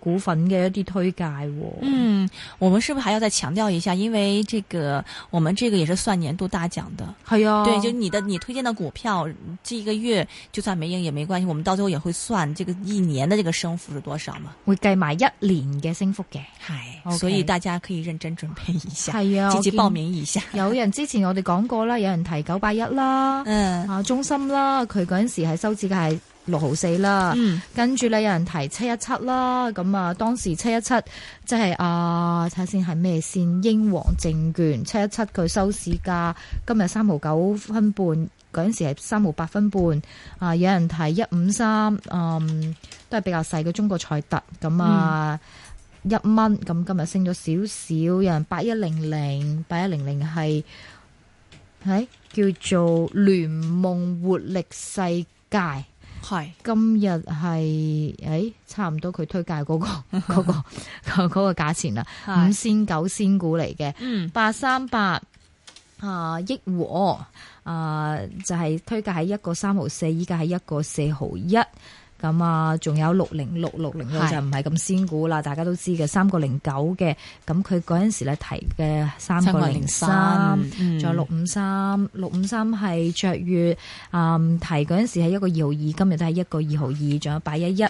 股份嘅一啲推介喎、哦，嗯，我們是不是還要再強調一下？因為這個，我們這個也是算年度大獎的，係啊，對，就你的你推薦的股票，這一個月就算沒贏也沒關係，我們到最後也會算這個一年的這個升幅是多少嘛？會計埋一年嘅升幅嘅，係、okay，所以大家可以認真準備一下，係啊，積極報名一下。有人之前我哋講過啦，有人提九八一啦，嗯，啊，中心啦，佢嗰陣時係收止嘅係。六毫四啦，跟住咧，有人提七一七啦，咁啊當時七一七即係啊，睇下先係咩線，英皇證券七一七佢收市價今日三毫九分半，嗰陣時係三毫八分半啊，有人提一五三，嗯，都係比較細嘅中國賽特，咁啊一蚊，咁今日升咗少少，有人八一零零，八一零零係係叫做聯夢活力世界。係今日係誒，差唔多佢推介嗰、嗰個嗰、 嗰個嗰、嗰個價、嗰個、錢啦， 五仙九仙股嚟嘅，八三八啊益和啊、呃、就係、是、推介喺一個三毫四，依家喺一個四毫一。咁啊，仲有六零六六零六就唔係咁仙股啦，大家都知嘅。三個零九嘅，咁佢嗰陣時咧提嘅三個零三，仲有六五三，六五三係卓越啊提嗰陣時係一個二毫二，今日都係一個二毫二，仲有八一一。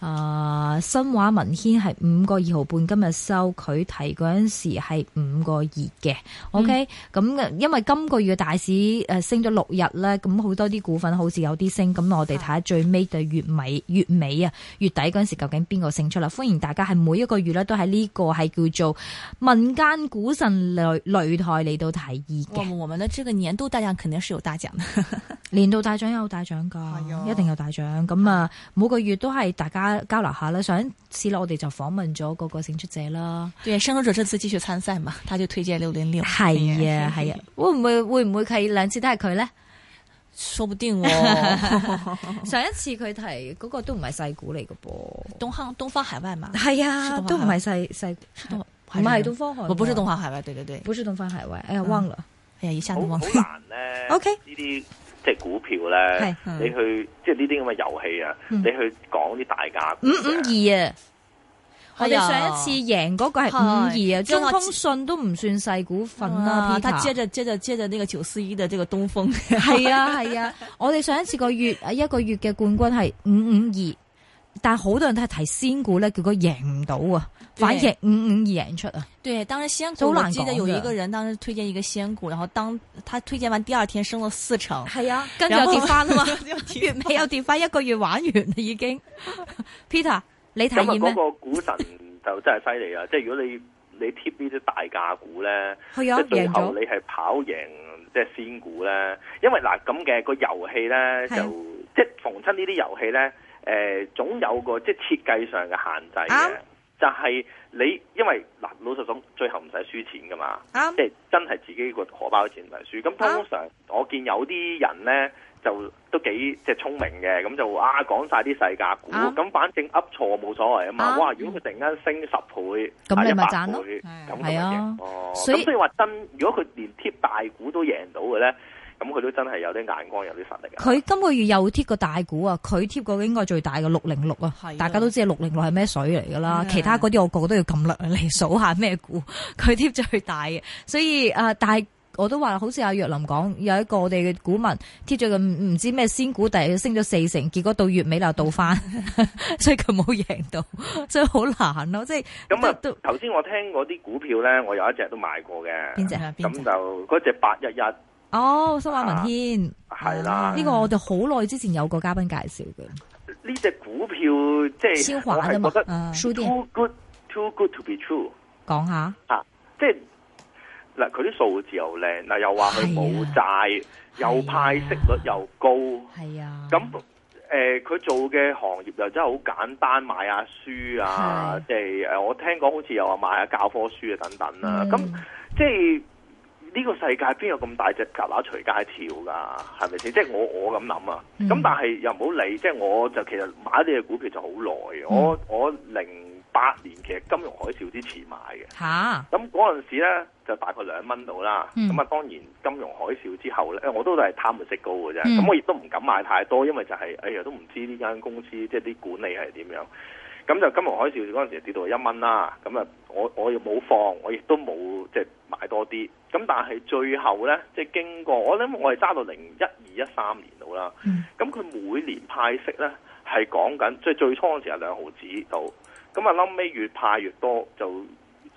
啊，新華文軒係五個二毫半，今日收佢提嗰陣時係五個二嘅。OK，咁因為今個月嘅大市誒升咗六日咧，咁好多啲股份好似有啲升，咁我哋睇下最尾嘅月尾。月尾啊，月底嗰陣時究竟邊個勝出啦？歡迎大家係每一個月咧都喺呢、這個係叫做民間股神擂擂台嚟到提議嘅。我們的這個年度大獎肯定是有大獎， 年度大獎有大獎噶、哎，一定有大獎。咁啊，每個月都係大家交流下啦。上一次我哋就訪問咗個個勝出者啦。對，想攞咗這次繼續參賽嘛？他就推薦六零六，係啊係啊，啊，啊，啊，會唔會會唔會佢兩次都係佢咧？說不定喎、哦 上一次佢提嗰個都唔係細股嚟嘅噃，東方海外係嘛？係啊，都唔係細細唔係東方海外，我不是東方海外，對對對，不是東方海外，哎呀忘了，嗯、哎呀一下都忘了好，好難咧，OK 呢啲即係股票咧，okay？你去即係呢啲咁嘅遊戲啊，你去講啲大價股五五二啊。嗯我哋上一次贏嗰個係五二啊，中通信都唔算細股份啦。Peter，即係即係即係呢個朝思的呢個東風。係啊係啊，啊 我哋上一次個月 一個月嘅冠軍係五五二，但係好多人都係提仙股咧，結果贏唔到啊，反而五五二贏出啊。對，當時仙股我記得有一個人當時推薦一個仙股，然後當他推薦完第二天升了四成，係啊，跟住 跌翻啊嘛，月尾又跌翻，一個月玩完啦已經 ，Peter。咁啊！嗰、那個股神就真係犀利啊！ 即係如果你你貼呢啲大價股咧， 即係最後你係跑贏即係仙股咧。因為嗱，咁嘅個遊戲咧，就 即係逢親呢啲遊戲咧，誒、呃、總有個即係設計上嘅限制嘅。啊但、就、係、是、你，因為嗱，老實講，最後唔使輸錢噶嘛，yeah. 即係真係自己個荷包嘅錢唔嚟輸。咁通常我見有啲人咧，就都幾即係聰明嘅，咁就啊講晒啲細價股，咁、yeah. 反正噏錯冇所謂啊嘛。Yeah. 哇，如果佢突然間升十倍，係咪百倍？係啊，哦，咁、啊、所以話真，如果佢連貼大股都贏到嘅咧。咁佢都真係有啲眼光，有啲實力。佢今個月又貼個大股啊！佢貼個應該最大嘅六零六啊！大家都知六零六係咩水嚟噶啦、yeah。其他嗰啲我個個都要撳落嚟數下咩股，佢貼最大嘅。所以啊，但係我都話，好似阿、啊、若林講，有一個我哋嘅股民貼咗個唔知咩仙股，第升咗四成，結果到月尾又倒翻， 所以佢冇贏到，所以好難咯。即係咁啊！頭先我聽嗰啲股票咧，我有一隻都買過嘅。邊隻？咁就嗰隻八一一。哦，新華文軒係、啊、啦，呢、這個我哋好耐之前有個嘉賓介紹嘅。呢隻股票即係先玩啊得，啊，覺得 Too good, too good to be true。講下。吓、啊，即係嗱，佢啲數字又靚，嗱又話佢冇債，又派息率又高，係啊。咁誒，佢、呃、做嘅行業又真係好簡單，買下書啊，即係誒，我聽講好似又話買下教科書啊等等啦、啊。咁即係。呢、這個世界邊有咁大隻蛤乸隨街跳㗎？係咪先？即、就、係、是、我我咁諗啊。咁、嗯、但係又唔好理，即、就、係、是、我就其實買啲嘅股票就好耐、嗯。我我零八年其實金融海嘯之前買嘅。嚇！咁嗰陣時咧就大概兩蚊到啦。咁、嗯、啊當然金融海嘯之後咧，我都係貪佢息高嘅啫。咁、嗯、我亦都唔敢買太多，因為就係、是、哎呀都唔知呢間公司即係啲管理係點樣。咁就金融海嘯嗰陣時跌到一蚊啦，咁啊，我我又冇放，我亦都冇即係買多啲。咁但係最後咧，即、就、係、是、經過我諗，我係揸到零一、二、嗯、一三年度啦。咁佢每年派息咧係講緊，即係最初嗰陣時係兩毫紙到，咁啊，後尾越派越多，就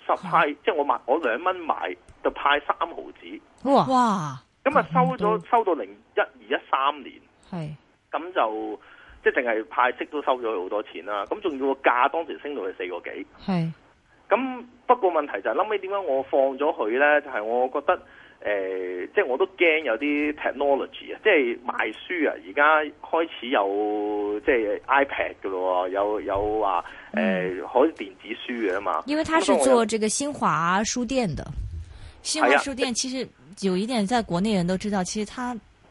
十派。即、啊、係、就是、我買我兩蚊買，就派三毫紙。哇！咁啊，收咗收到零一、二、一三年。係。咁就。即係淨係派息都收咗佢好多錢啦，咁仲要個價當時升到去四個幾。係，咁不過問題就係諗起點解我放咗佢咧？就係、是、我覺得誒、呃，即係我都驚有啲 technology 啊，即係賣書啊，而家開始有即係 iPad 噶咯，有有話誒，可、呃、以電子書嘅嘛。因為他是做這個新華書店的，新華書店其實有一點，在國內人都知道，其實他。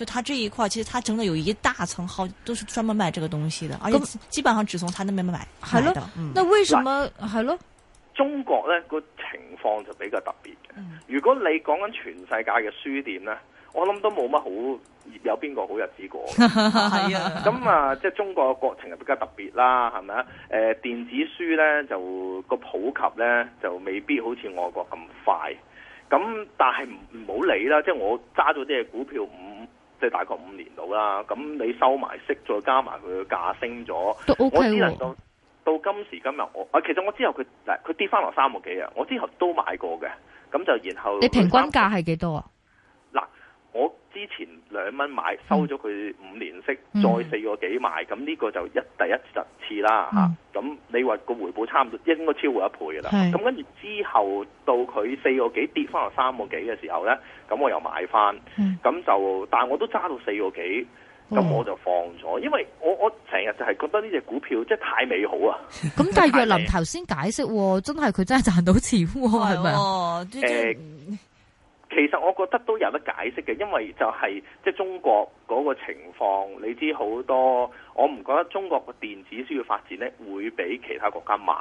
就他，這一塊，其實他整個有一大層，好都是專門賣這個東西的，而基本上只從他那邊買。係咯，那為什麼、嗯、的的的中國呢個情況就比較特別、嗯。如果你講緊全世界嘅書店我諗都冇乜好，有邊個好日子過。係 啊那，咁 啊，即、就、係、是、中國嘅國情係比較特別啦，係咪啊？誒、呃，電子書呢就個普及呢就未必好似外國咁快。咁但係唔好理啦，即係、就是、我揸咗啲嘅股票唔。即係大概五年度啦，咁你收埋息，再加埋佢價升咗、OK 啊，我只能到到今時今日我啊，其實我之後佢嗱佢跌翻落三個幾啊，我之後都買過嘅，咁就然後你平均價係幾多啊？嗱，我。之前兩蚊買收咗佢五年息，嗯、再四個幾買，咁呢個就一第一次啦嚇。咁、嗯啊、你話個回報差唔多，應該超過一倍噶啦。咁跟住之後到佢四個幾跌翻落三個幾嘅時候呢，咁我又買翻，咁、嗯、就但我都揸到四個幾，咁、哦、我就放咗，因為我我成日就係覺得呢隻股票真係太美好啊。咁、嗯就是、但係若林頭先解釋，真係佢真係賺到錢喎，係咪？哦其實我覺得都有得解釋嘅，因為就係即係中國嗰個情況，你知好多，我唔覺得中國個電子書嘅發展咧會比其他國家慢。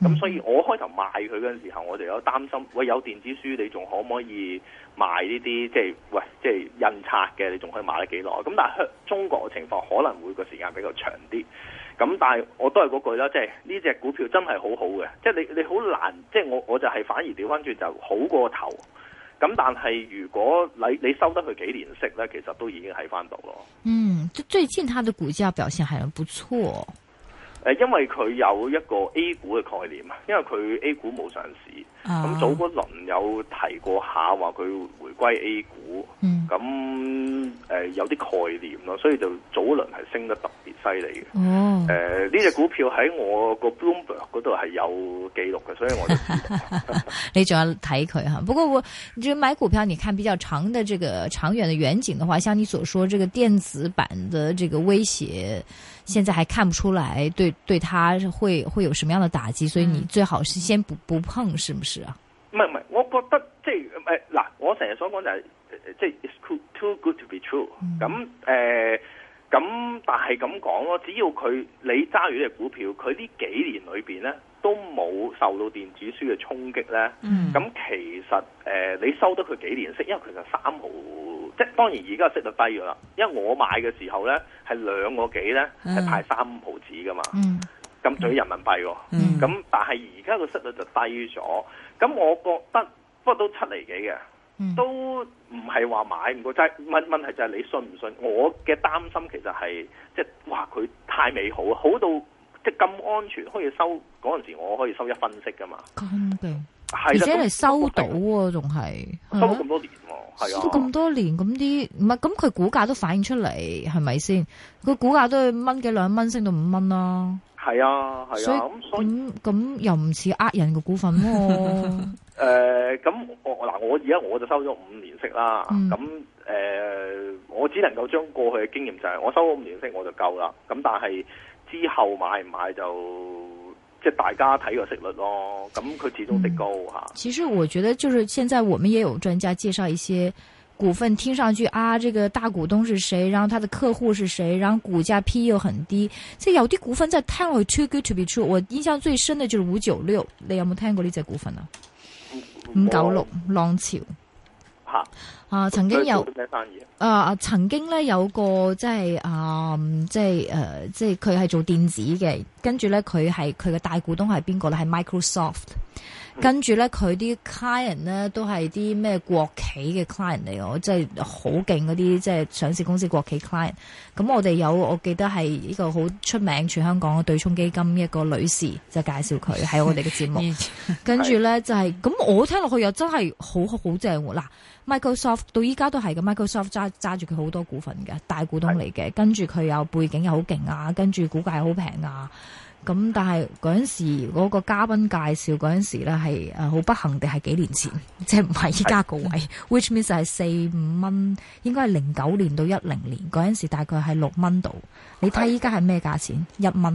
咁所以，我開頭賣佢嗰陣時候，我就有擔心，喂，有電子書你仲可唔可以賣呢啲？即係喂，即係印刷嘅你仲可以賣得幾耐？咁但係香中國嘅情況可能會個時間比較長啲。咁但係我都係嗰句啦，即係呢隻股票真係好好嘅，即係你你好難，即係我我就係反而調翻轉就好過頭。咁但係如果你你收得佢幾年息咧，其實都已經喺翻度咯。嗯，最最近它嘅股價表現係不錯。誒，因為佢有一個 A 股嘅概念，因為佢 A 股冇上市。咁、啊、早嗰輪有提過下話佢回歸 A 股，咁、嗯、誒、呃、有啲概念咯，所以就早一輪係升得特別犀利嘅。誒、哦、呢、呃、隻股票喺我個 Bloomberg 度係有記錄嘅，所以我也知道 你仲要睇佢吓。不過我就買股票，你看比較長的這個長遠的遠景的話，像你所說，這個電子版的這個威脅，現在還看不出來對，對對它會會有什麼樣的打擊，所以你最好是先不不碰，是不是？唔係唔係，我覺得即係誒嗱，我成日所講就係即係 It's too good to be true、嗯。咁、嗯、誒，咁、嗯、但係咁講咯，只要佢你揸住隻股票，佢呢幾年裏邊咧都冇受到電子書嘅衝擊咧。咁、嗯嗯、其實誒、呃，你收得佢幾年息，因為其實三毫，即係當然而家個息率低咗啦。因為我買嘅時候咧係兩個幾咧係派三毫紙噶嘛。咁仲要人民幣喎、哦。咁、嗯嗯、但係而家個息率就低咗。咁我覺得不過都七厘幾嘅、嗯，都唔係話買唔到，即係問問題就係你信唔信？我嘅擔心其實係即係話佢太美好啊，好到即係咁安全可以收嗰陣時，我可以收一分息噶嘛。咁嘅，而且係收到喎、啊，仲係收到咁多年喎、啊，係啊，啊，收咁多年咁啲唔係咁佢股價都反映出嚟係咪先？佢股價都蚊幾兩蚊升到五蚊啦、啊。係啊，係啊，咁咁又唔似呃人嘅股份咯、哦。誒、 呃，咁我嗱，我而家我就收咗五年息啦。咁、嗯、誒、呃，我只能夠將過去嘅經驗就係，我收咗五年息我就夠啦。咁但係之後買唔買就即係大家睇個息率咯。咁佢始終啲高吓、嗯啊。其實我覺得，就是現在我們也有專家介紹一些。股份聽上去啊，這個大股東是誰？然後他的客戶是誰？然後股價 P E 又很低，即係有啲股份真係聽落去 too good to be true。我印象最深的就是五九六，你有冇聽過呢隻股份啊？五九六浪潮，吓啊，曾經有啊？啊、呃，曾經咧有個即係啊，即係誒，即係佢係做電子嘅，跟住咧佢係佢嘅大股東係邊個咧？係 Microsoft。跟住咧，佢啲 client 咧都係啲咩國企嘅 client 嚟，我即係好勁嗰啲即係上市公司國企 client。咁我哋有，我記得係呢個好出名，全香港嘅對沖基金一個女士就是、介紹佢喺我哋嘅節目。 跟住咧就係、是，咁我聽落去又真係好好正喎。嗱，Microsoft 到依家都係嘅，Microsoft 揸揸住佢好多股份嘅大股東嚟嘅。跟住佢有背景又好勁啊，跟住股價又好平啊。咁但係嗰陣時，嗰個嘉賓介紹嗰陣時咧，係誒好不幸地係幾年前，即係唔係依家個位，which means 係四五蚊，應該係零九年到一零年嗰陣時，大概係六蚊度。你睇依家係咩價錢？一蚊，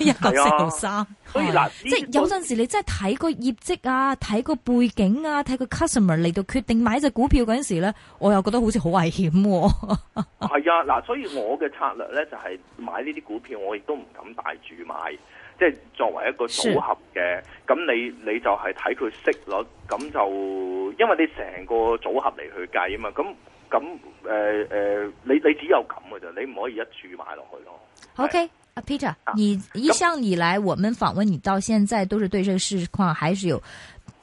一個四毫三。所以嗱，即係有陣時你真係睇個業績啊，睇個背景啊，睇個 customer 嚟到決定買隻股票嗰陣時咧，我又覺得好似好危險。係啊，嗱 啊，所以我嘅策略咧就係、是、買呢啲股票，我亦都唔敢大注買。即係作為一個組合嘅，咁你你就係睇佢息率，咁就因為你成個組合嚟去計啊嘛，咁咁誒誒，你你只有咁嘅啫，你唔可以一注買落去咯。OK，Peter，okay. 啊、你一向以來，我們訪問你到現在，都是對這個事況還是有。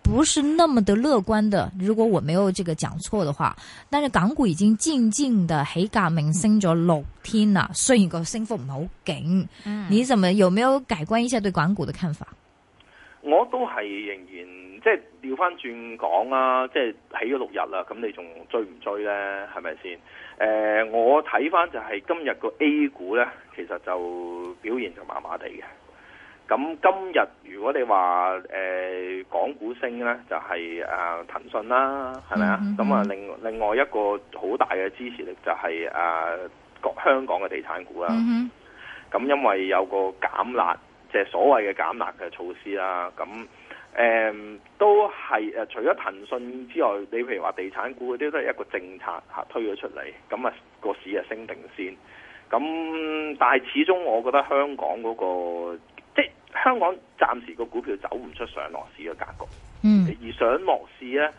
不是那麼的樂觀的，如果我沒有這個講錯的話，但是港股已經靜靜的起價明升咗六天啦、嗯，雖然個升幅唔係好勁。你怎麼有沒有改觀一下對港股的看法？我都係仍然即係調翻轉講啊，即係起咗六日啦，咁你仲追唔追呢？係咪先？誒、呃，我睇翻就係今日個 A 股呢，其實就表現就麻麻地嘅。咁今日如果你話誒、呃、港股升咧，就係、是、啊騰訊啦，係咪啊？咁啊另另外一個好大嘅支持力就係、是、啊各香港嘅地產股啦。咁、mm -hmm. 因為有個減辣，即、就、係、是、所謂嘅減辣嘅措施啦。咁誒、嗯、都係除咗騰訊之外，你譬如話地產股嗰啲都係一個政策推咗出嚟，咁、那、啊個市啊升定先。咁但係始終我覺得香港嗰、那個。香港暫時個股票走唔出上落市嘅格局，嗯，而上落市呢，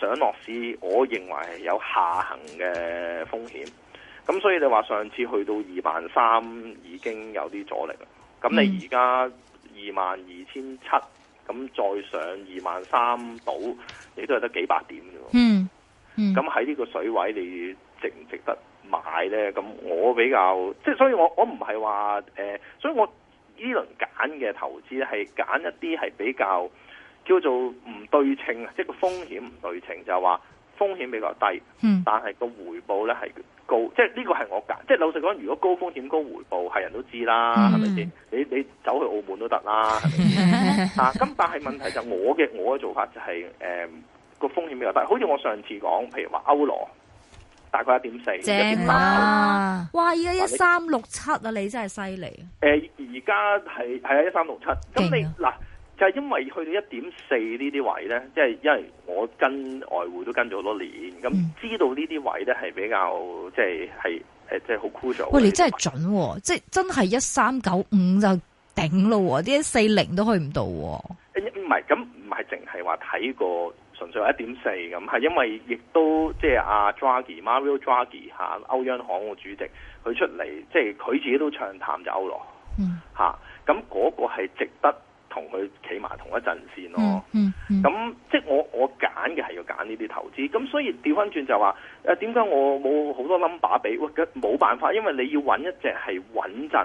上落市，我認為係有下行嘅風險，咁所以你話上次去到二萬三已經有啲阻力啦，咁你而家二萬二千七，咁再上二萬三到，你都係得幾百點咋喎，嗯，咁喺呢個水位你值唔值得買呢？咁我比較，即係所以我我唔係話誒，所以我。呢輪揀嘅投資咧，係揀一啲係比較叫做唔對稱，即係個風險唔對稱，就話風險比較低，但係個回報咧係高，即係呢個係我揀。即係老實講，如果高風險高回報，係人都知啦，係咪先？你你走去澳門都得啦，係咪先？ 啊！咁但係問題就我嘅我嘅做法就係誒個風險比較低，好似我上次講，譬如話歐羅。大概一點四，正啦！哇，依家一三六七啊，你真係犀利！誒，而家係係啊，一三六七。咁、啊、你嗱、呃、就係、是、因為去到一點四呢啲位咧，即、就、係、是、因為我跟外匯都跟咗好多年，咁知道呢啲位咧係比較即係係誒，即係好枯燥喂，你真係準即、啊、係、嗯就是、真係一三九五就頂咯、啊，啲一四零都去唔到、啊。唔係，咁唔係淨係話睇過。純粹話一點四咁，係因為亦都即係阿 Draghi Mario Draghi 嚇、啊、歐央行嘅主席，佢出嚟即係佢自己都暢談就歐羅嚇，咁、mm. 嗰、啊、個係值得同佢企埋同一陣線咯。咁、mm -hmm -hmm. 即係我我揀嘅係要揀呢啲投資，咁所以調翻轉就話誒點解我冇好多 number 俾？喂、哎，冇辦法，因為你要揾一隻係穩陣誒，叫、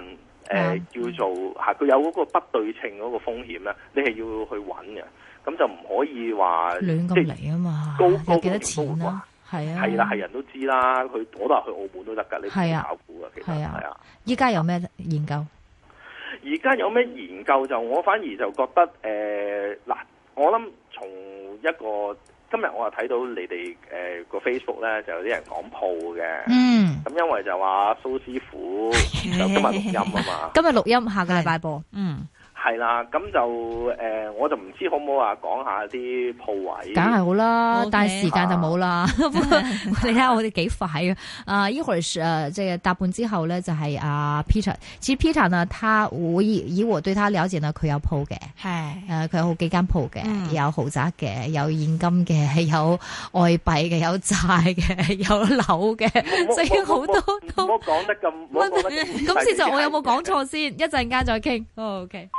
呃 mm -hmm. 做嚇佢、啊、有嗰個不對稱嗰個風險咧，你係要去揾嘅。咁就唔可以話亂咁嚟啊嘛，高過幾多錢啊，係啊，係啦、啊，係人都知啦。佢我都話去澳門都得㗎，呢邊炒股啊，其實係啊。依家、啊、有咩研究？而家有咩研究就？就我反而就覺得誒嗱、呃，我諗從一個今日我啊睇到你哋個 Facebook 咧，就有啲人講鋪嘅。嗯。咁因為就話蘇師傅就今日錄音啊嘛， 今日錄音，下個禮拜播。嗯。係啦，咁、 啊、就誒、呃，我就唔知可唔可以話講下啲鋪位。梗係好啦， 但係時間就冇啦。你睇下我哋幾快啊！啊，一會是即係搭半之後咧，就係、是、阿、啊、Peter。其實 Peter 呢，他我以以我對他了解咧，佢有鋪嘅，係誒，佢、呃、有好幾間鋪嘅，有豪宅嘅，有現金嘅，有外幣嘅，有債嘅，有樓嘅，所以好多都。都好講得咁，咁 先就我有冇講錯先？一陣間再傾。OK。